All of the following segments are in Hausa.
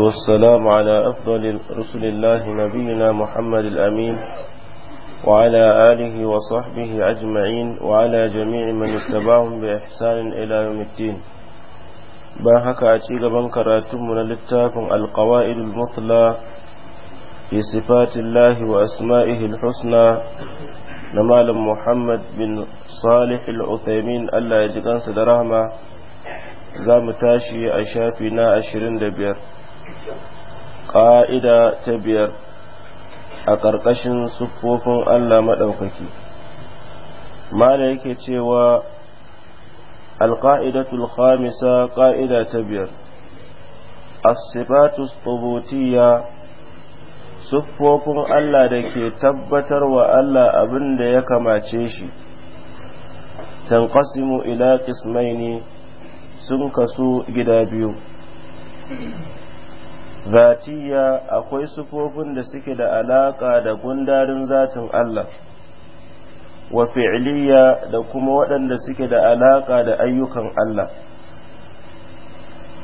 والسلام على أفضل رسل الله نبينا محمد الأمين وعلى آله وصحبه أجمعين وعلى جميع من اتبعهم بإحسان إلى يوم الدين باهك أتيق بنكراتم من للتاكم القوائد المطلى في صفات الله وأسمائه الحسنى نمال محمد بن صالح العثيمين ألا يجدن صدرهما زام تاشي أشافنا أشرين دبير ƙa'ida ta biyar a ƙarƙashin siffofin Allah maɗaukaki mala yake cewa alƙa'idatul khamisa ƙa'ida ta biyar asibatus tubutiyya siffofin Allah da ke tabbatar wa Allah abin da ya kamace shi tanqasimu ila qismaini sun kasu gida biyu zatiya akwai sufofin da suke da alaka da gundarin zatin Allah wa fi'liya da kuma waɗanda suke da alaka da ayyukan Allah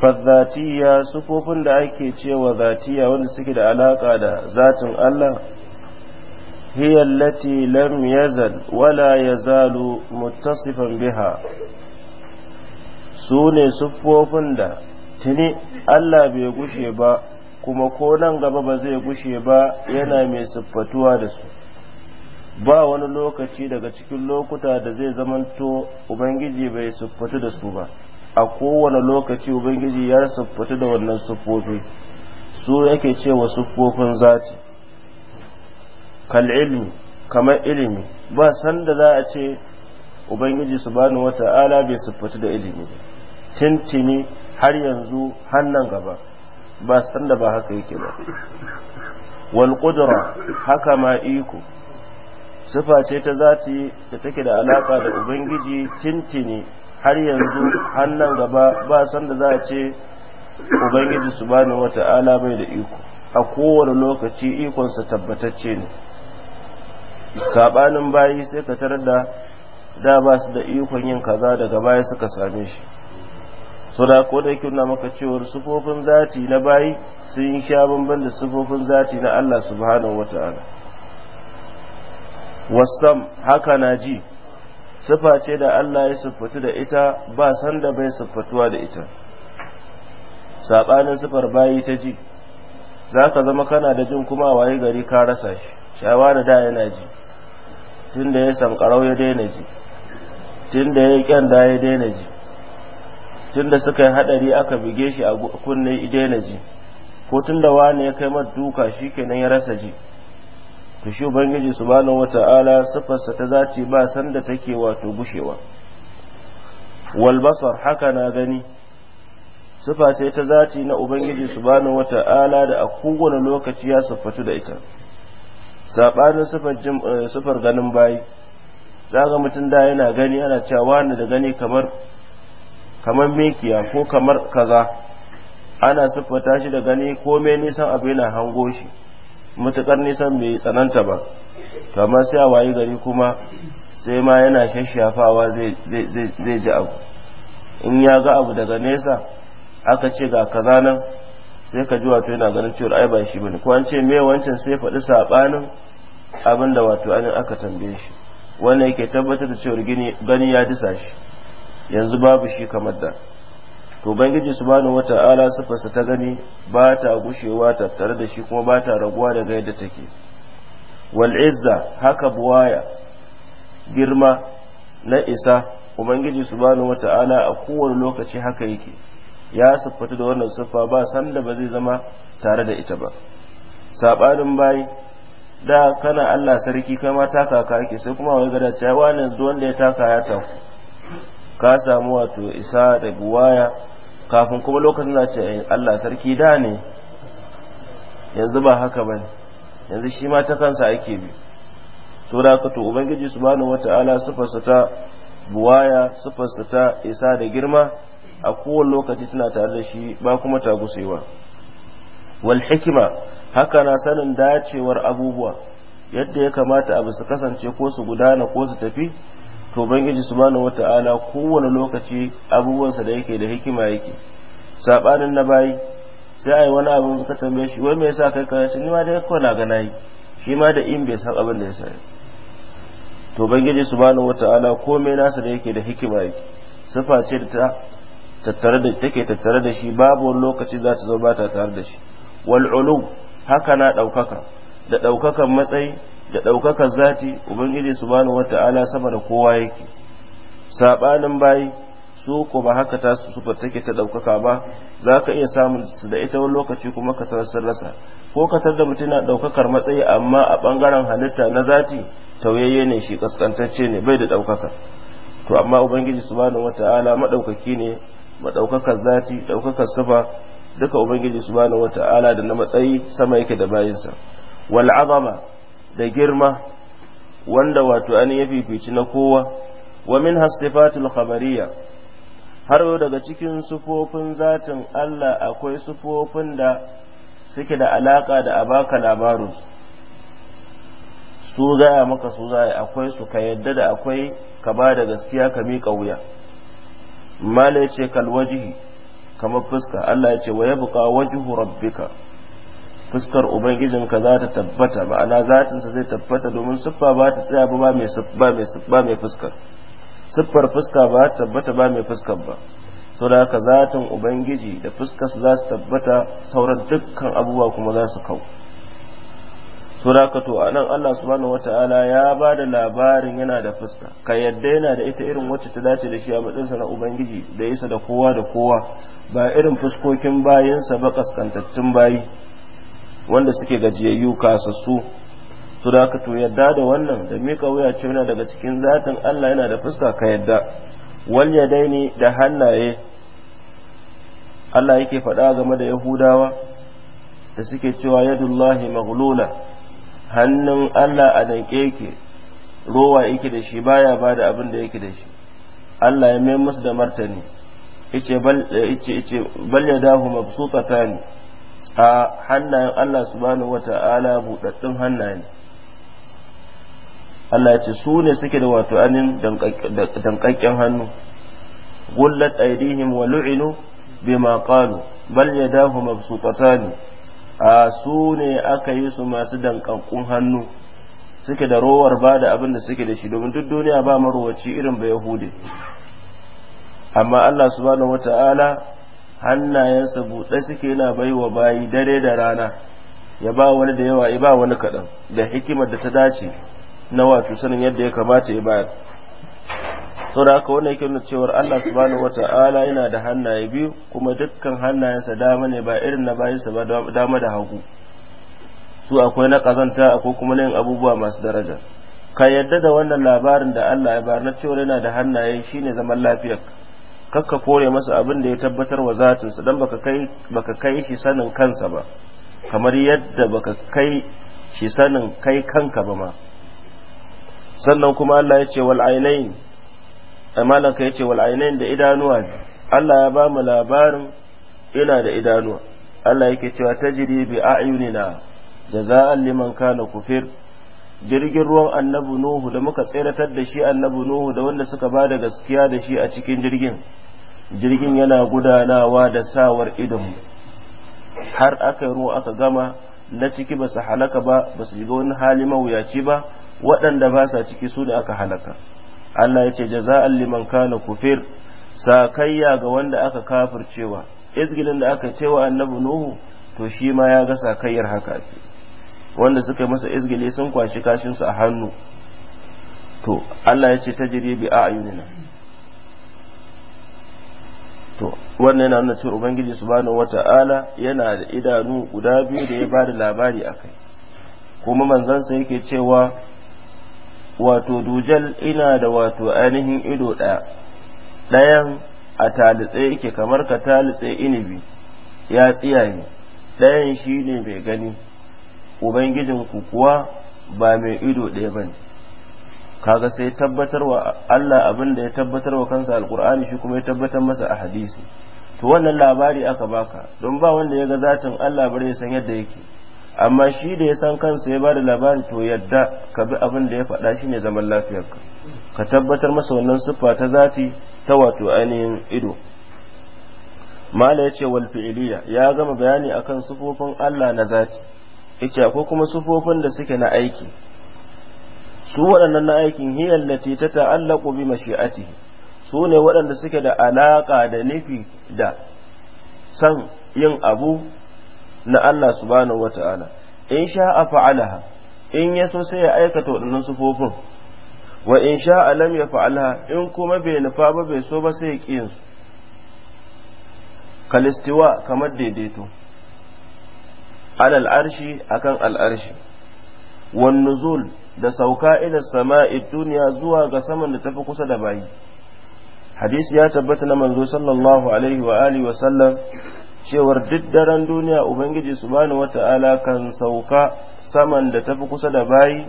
fadzatiya sufofin da ake cewa zatiya wanda suke da alaka da zatin Allah هي التي لم يزل ولا يزال متصفا بها su ne da tuni Allah bai gushe ba kuma ko nan gaba ba zai gushe ba yana mai siffatuwa da su ba wani lokaci daga cikin lokuta da zai zamanto ubangiji bai siffatu da su ba a kowane lokaci ubangiji ya siffatu da wannan siffofi su yake cewa siffofin zati kal ilmi kamar ilimi ba sanda za a ce ubangiji su wata wata'ala bai siffatu da ilimi tintini har yanzu hannan gaba ba san da ba haka yake ba wal qudra haka ma iko sifa ce ta zati da take da alaka da ubangiji tintini har yanzu hannan gaba ba san da za a ce ubangiji subhanahu wata'ala bai da iko a kowane lokaci ikonsa tabbatacce ne sabanin bayi sai ka tarar da da ba su da ikon yin kaza daga baya suka same shi so da ko da yake maka cewar sufofin zati na bayi sun sha bamban da sufofin zati na Allah subhanahu wata'ala wasam haka na ji sifa ce da Allah ya siffatu da ita ba san da bai siffatuwa da ita saɓanin sifar bayi ta ji za ka zama kana da jin kuma waye gari ka rasa shi shawa da da yana ji tun da ya sankarau ya daina ji tun da ya da ya daina ji tunda suka yi hadari aka bige shi a kunne idena ji ko tunda wani ya kai mata duka shikenan ya rasa ji to shi ubangiji subhanahu wata'ala sifarsa ta zaci ba sanda take wato gushewa wal haka na gani sifa ce ta zaci na ubangiji subhanahu wata'ala da a kowane lokaci ya siffatu da ita sabanin sifar eh, ganin bayi zaga mutum da yana gani ana cewa wani da gani kamar kamar mekiya ko kamar kaza ana siffata shi da gani ko mai nisan abu yana hango shi matuƙar nisan bai tsananta ba kamar sai a wayi gari kuma sai ma yana shashafawa zai ji abu in ya ga abu daga nesa aka ce ga kaza nan sai ka ji wato yana ganin cewar ai ba shi bane ko an ce me wancan sai faɗi saɓanin abin da wato an aka tambaye shi wannan yake tabbatar da cewar gani ya disa shi yanzu babu shi kamar da to ubangiji subhanahu wata'ala sifarsa ta gani ba ta gushewa tattare da shi kuma ba ta raguwa daga yadda take wal izza haka buwaya girma na isa ubangiji subhanahu wata'ala a kowane lokaci haka yake ya siffatu da wannan siffa ba sanda ba zai zama tare da ita ba sabanin bayi da kana Allah sarki kai ma taka kake sai kuma wai gada cewa wannan wanda ya taka ya taku ka samu wato isa da buwaya kafin kuma lokacin za ce eh, Allah sarki da ne yanzu ba haka ba yanzu shi ma ta kansa ake bi to da ka to ubangiji subhanahu wata'ala sifarsa ta buwaya sifarsa ta isa da girma a kowane lokaci tana tare da shi ba kuma ta gusewa wal hikima haka na sanin dacewar abubuwa yadda ya kamata abu su kasance ko su gudana ko su tafi to ubangiji subhanahu wata'ala kowane lokaci abubuwansa da yake da hikima yake sabanin na bai sai ai wani abin ka tambaye shi wai me yasa kai ka shi ma da kawai na ga yi shi ma da in bai san abin da ya sai to ubangiji subhanahu wata'ala komai nasa da yake da hikima yake sifa ce da ta tattare da take tattare da shi babu wani lokaci za ta zo ba ta tare da shi wal haka na ɗaukaka. da ɗaukakan matsayi da ɗaukakar zati ubangiji subhanahu wata'ala sama da kowa yake saɓanin bayi su ko haka ta su sufar take ta ɗaukaka ba za ka iya samun su da ita wani lokaci kuma ka sun rasa ko ka da mutum na ɗaukakar matsayi amma a ɓangaren halitta na zati tauyayye ne shi ƙasƙantacce ne bai da ɗaukaka to amma ubangiji subhanahu wata'ala maɗaukaki ne maɗaukakar zati ɗaukakar safa duka ubangiji subhanahu wata'ala da na matsayi sama yake da bayinsa wal azama da girma wanda wato an ya fifici na kowa wa min hasifatul khabariya har yau daga cikin sufofin zatin Allah akwai sufofin da suke da alaka da abaka labarin su gaya maka su za akwai su ka yadda da akwai ka ba da gaskiya ka miƙa wuya mala ya ce kalwajihi kamar fuska Allah ya ce wa ya buƙa wajihu rabbika fuskar ubangijin ka za ta tabbata ma'ana zatinsa zai tabbata domin siffa ba ta tsaya ba mai siffa mai fuskar siffar fuska ba ta tabbata ba mai fuskar ba so da haka zatin ubangiji da fuskarsa za su tabbata sauran dukkan abubuwa kuma za su kau so da haka to anan Allah subhanahu wataala ya ba da labarin yana da fuska ka yadda yana da ita irin wacce ta dace da shi a matsayinsa na ubangiji da isa da kowa da kowa ba irin fuskokin bayansa ba kaskantattun bayi wanda suke gajiyayyu kasassu su da ka to yadda da wannan da mika wuya ce yana daga cikin zatin Allah yana da fuska ka yadda wal yadaini da hannaye Allah yake faɗa game da Yahudawa da suke cewa yadullahi maghlula hannun Allah a danke yake rowa yake da shi baya ba da abin da yake da shi Allah ya mai musu da martani yace bal yace bal yadahu mabsutatani a hannayen Allah subhanahu ta'ala buɗaɗɗun hannaye Allah ce su ne suke da wato anin dankakken hannu gullat aidihim wa lu'inu bima qalu bal yadahu mabsutatani a su ne aka yi su masu dankakkun hannu suke da rowar ba da abin da suke da shi domin duk duniya ba marowaci irin ba yahudi amma Allah subhanahu ta'ala. hannayensa buɗe suke yana bai wa bayi dare da rana ya ba wani da yawa ya ba wani kaɗan da hikimar da ta dace na wato sanin yadda ya kamata ya bayar saboda haka wannan yake nuna cewar Allah subhanahu ta'ala yana da hannaye biyu kuma dukkan hannayensa dama ne ba irin na bayansa ba dama da hagu su akwai na kazanta akwai kuma na yin abubuwa masu daraja ka yadda da wannan labarin da Allah ya bayar na cewar yana da hannaye shine zaman lafiyarka kakka kore masa abin da ya tabbatar wa zatinsa don baka kai shi sanin kansa ba kamar yadda baka kai shi sanin kai kanka ba ma sannan kuma Allah ya ce wal ainain malaka ya ce wal da idanuwa Allah ya ba mu labarin ina da idanuwa Allah yake cewa tajri bi a'yunina jaza'an liman kana kufir jirgin ruwan annabi Nuhu da muka tseratar da shi annabi Nuhu da wanda suka ba da gaskiya da shi a cikin jirgin jirgin yana gudanawa da sawar idonmu har aka yi ruwa aka gama na ciki ba su halaka ba ba su shiga wani hali mawuyaci ba waɗanda ba sa ciki su da aka halaka Allah ya ce jaza'an liman kana kufir sakayya ga wanda aka cewa izgilin da aka cewa annabi nuhu to shi ma ya ga sakayyar haka ce wanda suka masa izgili sun kwashi kashin su a hannu to Allah ya ce tajribi a ayunina wannan yana nuna cewa ubangiji subhanahu wata'ala yana da idanu guda biyu da ya ba da labari a kai kuma manzansa yake cewa wato dujal ina da wato ainihin ido ɗaya ɗayan a talitse yake kamar ka talitse inibi ya tsiyaye ɗayan shi ne mai gani ubangijinku kuwa ba mai ido ɗaya ba ne kaga sai tabbatar wa Allah abin da ya tabbatar wa kansa alkur'ani shi kuma ya tabbatar masa a hadisi to wannan labari aka baka don ba wanda ya ga zatin Allah bare ya san yadda yake amma shi da ya san kansa ya bada labari to yadda ka bi abin da ya faɗa shi ne zaman lafiyarka ka tabbatar masa wannan siffa ta zati ta wato ainihin ido mala yace wal fi'liya ya gama bayani akan sufofin Allah na zati yace akwai kuma sufofin da suke na aiki su waɗannan na aikin da ce ta ta'allaku bi mashi'atihi su ne waɗanda suke da alaƙa da nufi da san yin abu na Allah subhanahu ta'ala in sha a fa'alaha in ya so sai ya aikata waɗannan sufofin wa in a lam ya fa'alaha in kuma bai nufa ba bai so ba sai ya ƙi yinsu kalistiwa kamar daidaito alal arshi akan al'arshi wan nuzul da sauka ila sama'i duniya zuwa ga saman da tafi kusa da bayi hadisi ya tabbata na manzo sallallahu alaihi wa alihi wa sallam cewar duk daren duniya ubangiji subhanahu wata'ala kan sauka saman da tafi kusa da bayi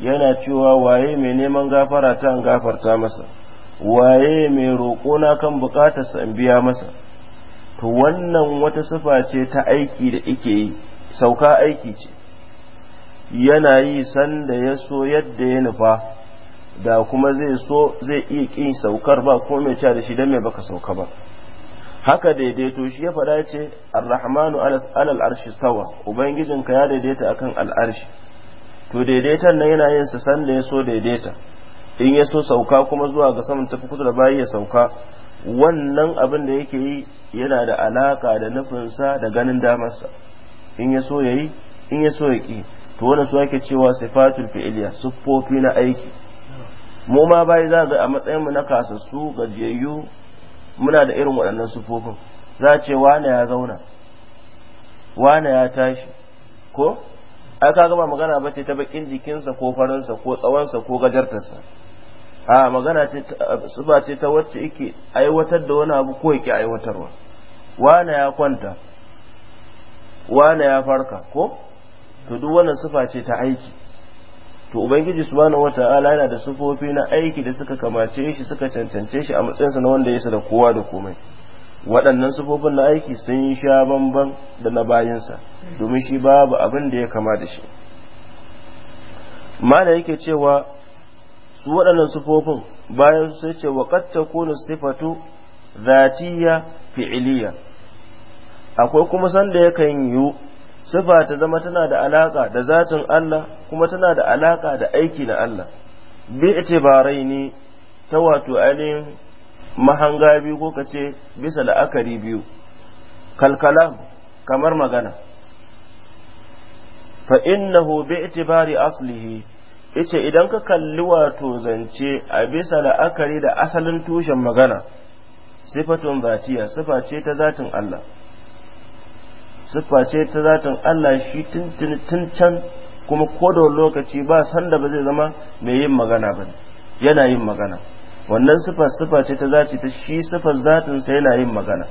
yana cewa waye mai neman gafara ta an gafarta masa waye mai roƙo na kan bukatar sa biya masa to wannan wata sifa ce ta aiki da ike yi sauka aiki ce yana yi sanda ya so yadda ya nufa da kuma zai so zai iya ƙin saukar ba ko mai cewa da shi don mai baka sauka ba haka daidaito shi ya fada ce arrahmanu alal arshi stawa ubangijinka ya daidaita akan al'arshi to daidaitan nan yana yin sa sanda ya so daidaita in ya so sauka kuma zuwa ga saman tafi kusa da bayi ya sauka wannan abin da yake yi yana da alaka da nufinsa da ganin damarsa in ya so ya yi in ya so ya ƙi to wannan su ake cewa sifatul fi'liya siffofi na aiki mu ma bai za ga a matsayin mu na kasassu gajiyayyu muna da irin waɗannan siffofin za ce wane ya zauna wane ya tashi ko ai ka ba magana ba ce ta bakin jikinsa ko faransa ko tsawonsa ko gajartarsa a magana ce ba ce ta wacce yake aiwatar da wani abu ko yake aiwatarwa wane ya kwanta wane ya farka ko to duk wannan sifa ce ta aiki to ubangiji subhanahu wata'ala yana da sifofi na aiki da suka kamace shi suka cancance shi a matsayinsa na wanda yasa da kowa da komai waɗannan sifofin na aiki sun yi sha bamban da na bayansa domin shi babu abin da ya kama da shi mana yake cewa su waɗannan sifofin bayan su sai ce wa qad takunu sifatu zatiyya fi'liya akwai kuma sanda yakan yiwu sifa ta zama tana da alaka da zatin Allah kuma tana da alaƙa da aiki na Allah bi itibarai ne ta wato ainihin mahanga biyu ko kace bisa la'akari biyu kalkalam kamar magana fa innahu bi itibari aslihi ice idan ka kalli wato zance a bisa la'akari da asalin tushen magana sifatun zatiya sifa ce ta zatin Allah siffa ce ta zatin Allah shi tun can kuma ko da lokaci ba sanda ba zai zama mai yin magana ba yana yin magana wannan siffa siffa ce ta zaci ta shi siffar zatin sa yana yin magana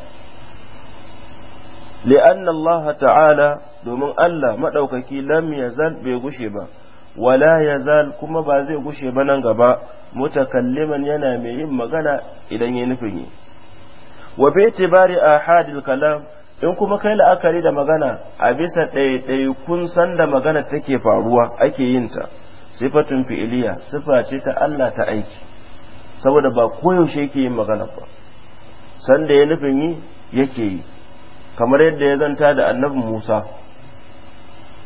li'anna Allah ta'ala domin Allah madaukaki lam yazal bai gushe ba wala yazal kuma ba zai gushe ba nan gaba mutakalliman yana mai yin magana idan ya nufin yi wa bi tibari ahadil kalam in kuma kai la'akari da magana a bisa kun san da magana take faruwa ake yin ta sifatun fi'iliya sifa ce ta Allah ta aiki saboda ba koyaushe yake yin magana ba sanda ya nufin yi yake yi kamar yadda ya zanta da annabin Musa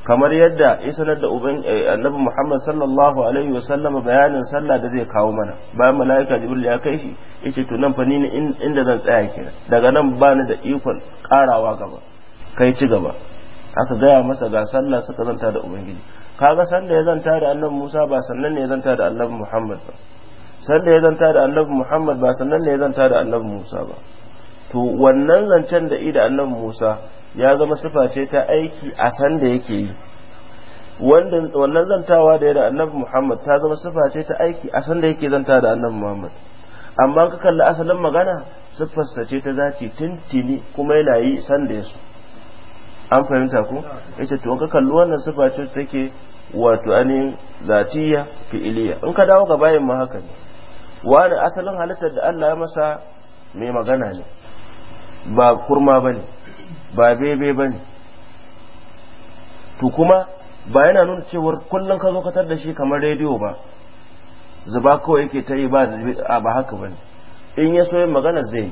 kamar yadda ya sanar da eh, annabi Muhammad sallallahu alaihi wa sallama bayanin sallah da zai kawo mana bayan mala'ika Jibril ya kai shi yace to nan fa ni ne inda zan tsaya kira daga nan ba ni da ikon karawa gaba kai ci gaba aka gaya masa ga sallah suka zanta da ubangiji kaga sanda ya zanta da annabi Musa ba sannan ne ya zanta da annabi Muhammad ba sanda ya zanta da annabi Muhammad ba sannan ne ya zanta da annabi Musa ba to wannan zancen da ida annabi Musa ya zama sifa ce ta aiki a san da yake yi wannan zantawa da ya annabi muhammad ta zama sifa ce ta aiki a san da yake zanta da annabi muhammad amma ka kalli asalin magana siffarsa ce ta zaki tintini kuma yana yi san da yasu an fahimta ku yace to ka kalli wannan siffa ce take wato anin zatiya iliya in ka dawo ga bayin ma haka ne wani asalin halittar da Allah ya masa mai magana ne ba kurma bane ba bebe ba ne to kuma ba yana nuna cewar kullum ka zo ka da shi kamar rediyo ba zuba kawai yake ta yi ba haka ba ne in ya so yin magana zai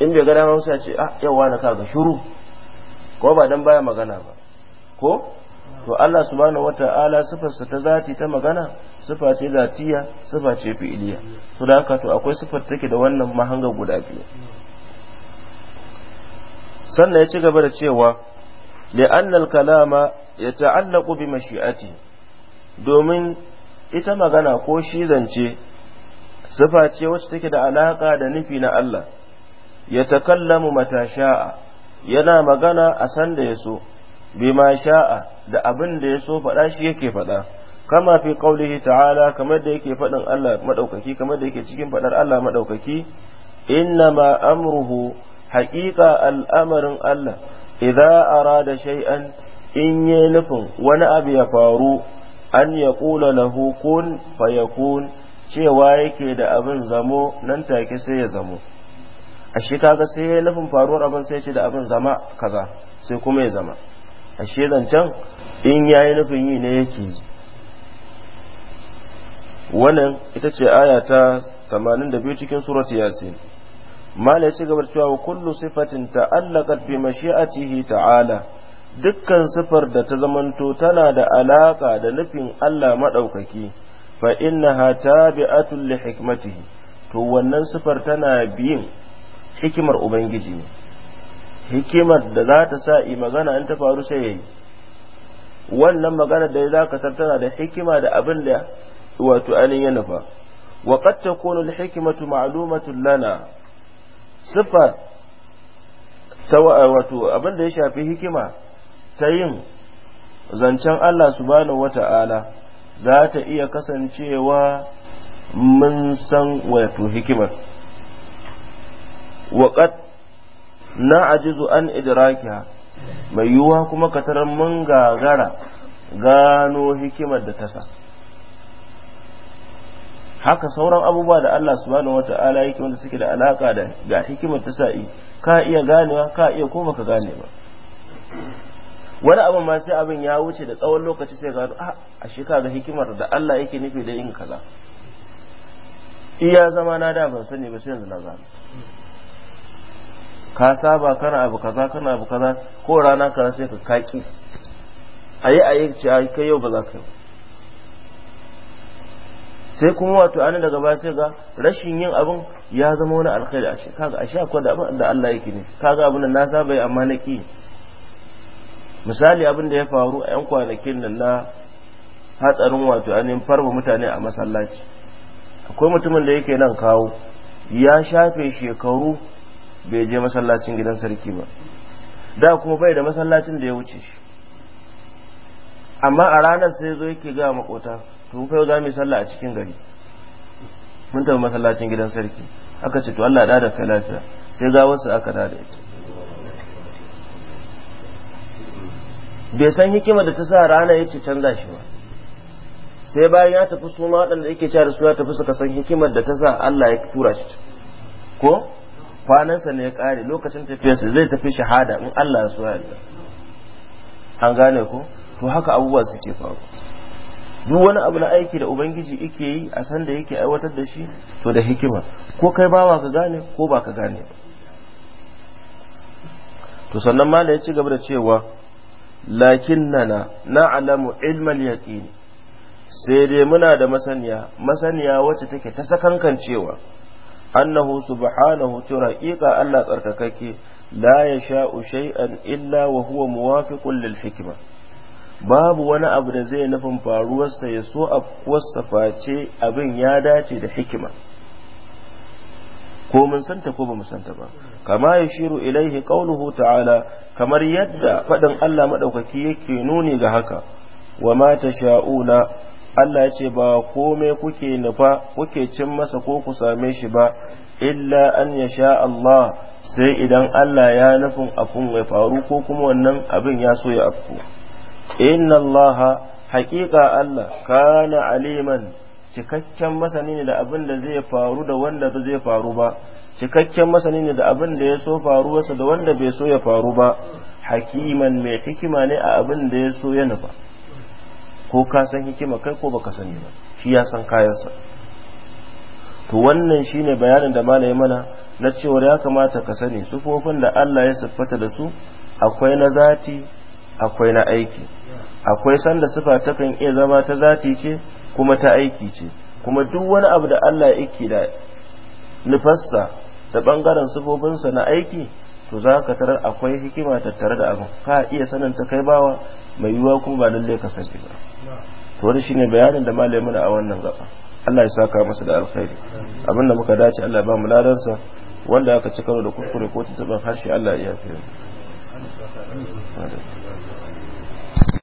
in bai gada ma ya ce ah yawa na kaga shuru ko ba dan baya magana ba ko to Allah subhanahu wata'ala sifarsa ta zati ta magana sifa ce zatiya sifa ce fi'iliya to da haka to akwai sifar take da wannan mahanga guda biyu sannan ya ci gaba da cewa li'annal kalama ya ta'allaku bi mashi'ati domin ita magana ko shi zance sifa ce wacce take da alaka da nufi na Allah ya takallamu mata sha'a yana magana a san da ya so ma sha'a da abin da ya so faɗa shi yake faɗa kama fi qaulihi ta'ala kamar da yake faɗin Allah madaukaki kamar da yake cikin faɗar Allah madaukaki innama amruhu haƙiƙa al'amarin Allah idza arada shay'an in yi nufin wani abu ya faru an ya kula lahu kun fayakun cewa yake da abin zamo nan take sai ya zamo ashe kaga sai ya nufin faruwar abin sai ce da abin zama kaza sai kuma ya zama ashe zancen in yayi nufin yi ne yake ji wannan ita ce aya ta 82 cikin surati yasin mala ya ci gaba cewa wa kullu sifatin ta'allaqat bi mashi'atihi ta'ala dukkan sifar da ta zamanto tana da alaka da nufin Allah madaukaki fa innaha tabi'atun li hikmatihi to wannan sifar tana biyin hikimar ubangiji ne hikimar da za ta sa i magana in ta faru sai yayi wannan magana da za ka tana da hikima da abin da wato ainihin ya nufa wa qad takunu al hikmatu lana siffa ta eh, wato abin da ya shafi hikima ta yin zancen Allah subhanahu wata'ala za ta iya kasancewa mun san wato hikimar waƙat na ajizu an idrakiya mai yiwuwa kuma katarar mun gagara gano hikimar da ta sa haka sauran abubuwa da Allah subhanahu wata'ala yake wanda suke da alaka da ga hikimar ta sa'i ka iya ganewa ka iya ko baka gane ba wani abu ma sai abin ya wuce da tsawon lokaci sai gano a ah, ashe ka ga hikimar da Allah yake nufi da yin kaza iya zama na da ban sani ba sai yanzu na gano ka saba kana abu kaza kana abu kaza ko rana kaza sai ka kaki ayi ayi ce kai yau ba za ka yi sai kuma wato ana daga baya sai ga rashin yin abin ya zama wani alkhairi a kaga ashe akwai da abin da Allah yake ne kaga abin da na saba amma na ki misali abin da ya faru a yan kwanakin nan na hatsarin wato anin farba mutane a masallaci akwai mutumin da yake nan kawo ya shafe shekaru bai je masallacin gidan sarki ba da kuma bai da masallacin da ya wuce shi amma a ranar sai zo yake ga makota to za mu yi sallah a cikin gari mun tafi masallacin gidan sarki aka ce to Allah da da kai lafiya sai ga wasu aka da da ita bai san hikima da ta sa rana ya ce canza shi ba sai bayan ya tafi su ma waɗanda yake cewa su ya tafi suka san hikimar da ta sa Allah ya tura shi ko kwanansa ne ya kare lokacin tafiyarsa zai tafi shahada in Allah ya so ya an gane ko to haka abubuwa suke faru duk wani abu na aiki da ubangiji yake yi a sanda yake aiwatar da shi to da hikima ko kai ba ka gane ko ba ka gane to sannan da ya ci gaba da cewa lakin na na'lamu ilmal yaqin sai dai muna da masaniya masaniya wacce take ta sakankan cewa annahu subhanahu turaqiqa Allah tsarkakake la yasha'u shay'an illa wa huwa muwafiqun lil hikma babu wani abu da zai nufin faruwarsa ya so a wasa face abin ya dace da hikima ko mun santa ko ba mu santa ba kama ya shiru ilaihi qauluhu ta'ala kamar yadda faɗin Allah maɗaukaki yake nuni ga haka wa ma sha'una Allah ya ce ba komai kuke nufa kuke cin masa ko ku same shi ba illa an ya sha Allah sai idan Allah ya nufin abun ya faru ko kuma wannan abin ya so ya afku inna Allah haƙiƙa Allah kana aliman cikakken masani ne da abin da zai faru da wanda ba zai faru ba cikakken masani ne da abin da ya so faruwarsa da wanda bai so ya faru ba hakiman mai hikima ne a abin da ya so ya nufa ko ka san hikima kai ko baka sani ba shi ya san kayansa to wannan shine bayanin da malai mana na cewa ya kamata ka sani sufofin da Allah ya siffata da su akwai na zati akwai na aiki akwai sanda sifa takan iya zama ta zati ce kuma ta aiki ce kuma duk wani abu da Allah ya yake da nufarsa da bangaren sifofinsa na aiki to za ka tarar akwai hikima tattare da abin ka iya sanin ta kai bawa mai yiwuwa kuma ba lalle ka sani ba to wani shine bayanin da malamin a wannan gaba Allah ya saka masa da alkhairi abin da muka dace Allah ya ba mu ladansa wanda aka ci karo da kurkure ko tuntuban harshe Allah ya yi